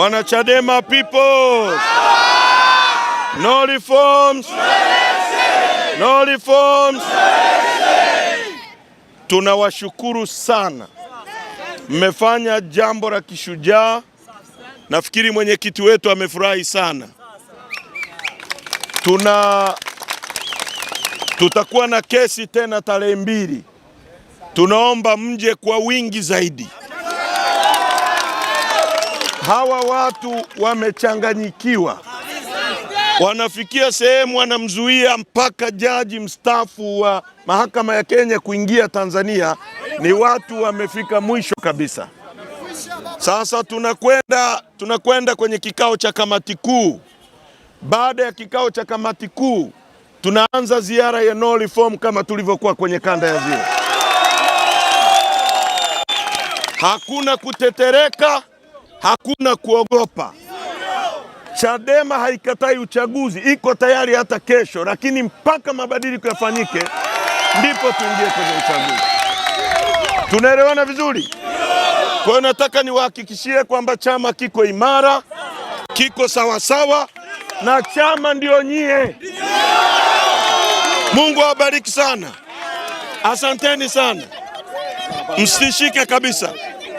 Wanachadema people. No reforms. No reforms. Tunawashukuru sana, mmefanya jambo la kishujaa. Nafikiri mwenyekiti wetu amefurahi sana. Tuna tutakuwa na kesi tena tarehe mbili, tunaomba mje kwa wingi zaidi hawa watu wamechanganyikiwa, wanafikia sehemu wanamzuia mpaka jaji mstaafu wa mahakama ya Kenya kuingia Tanzania. Ni watu wamefika mwisho kabisa. Sasa tunakwenda tunakwenda kwenye kikao cha kamati kuu. Baada ya kikao cha kamati kuu, tunaanza ziara ya no reform kama tulivyokuwa kwenye kanda ya Ziwa. Hakuna kutetereka, hakuna kuogopa. Chadema haikatai uchaguzi, iko tayari hata kesho, lakini mpaka mabadiliko yafanyike ndipo tuingie kwenye uchaguzi. Tunaelewana vizuri? Kwa hiyo nataka niwahakikishie kwamba chama kiko imara, kiko sawasawa na chama ndio nyie. Mungu awabariki sana, asanteni sana, msishike kabisa.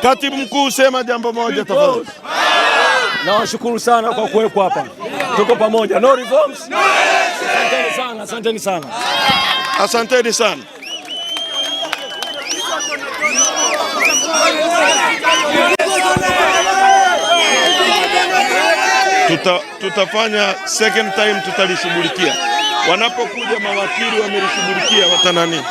Katibu mkuu, sema jambo moja tafadhali. Nawashukuru sana kwa kuwepo hapa, tuko pamoja. No reforms, no election. Asanteni sana, asanteni sana. Tuta, tutafanya second time tutalishughulikia. Wanapokuja mawakili wamelishughulikia watanani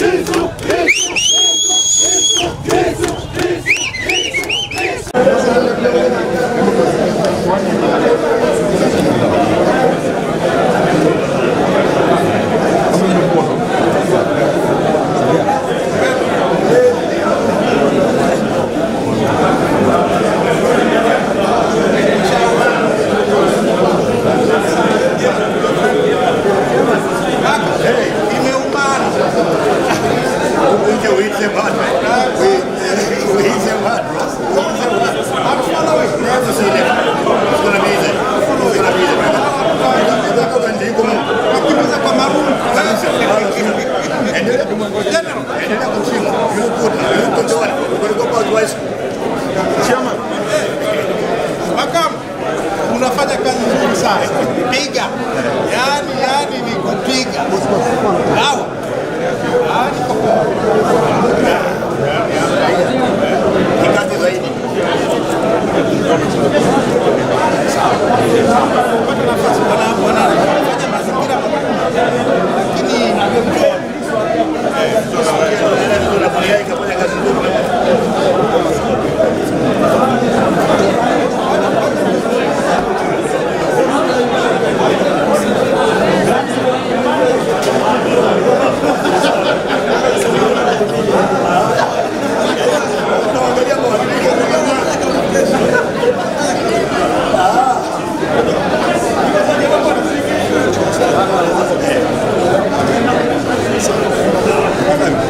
Isso!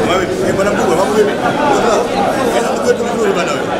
wewe bwana mkubwa, mambo vipi? Sasa kwetu yaani mzuri bana wewe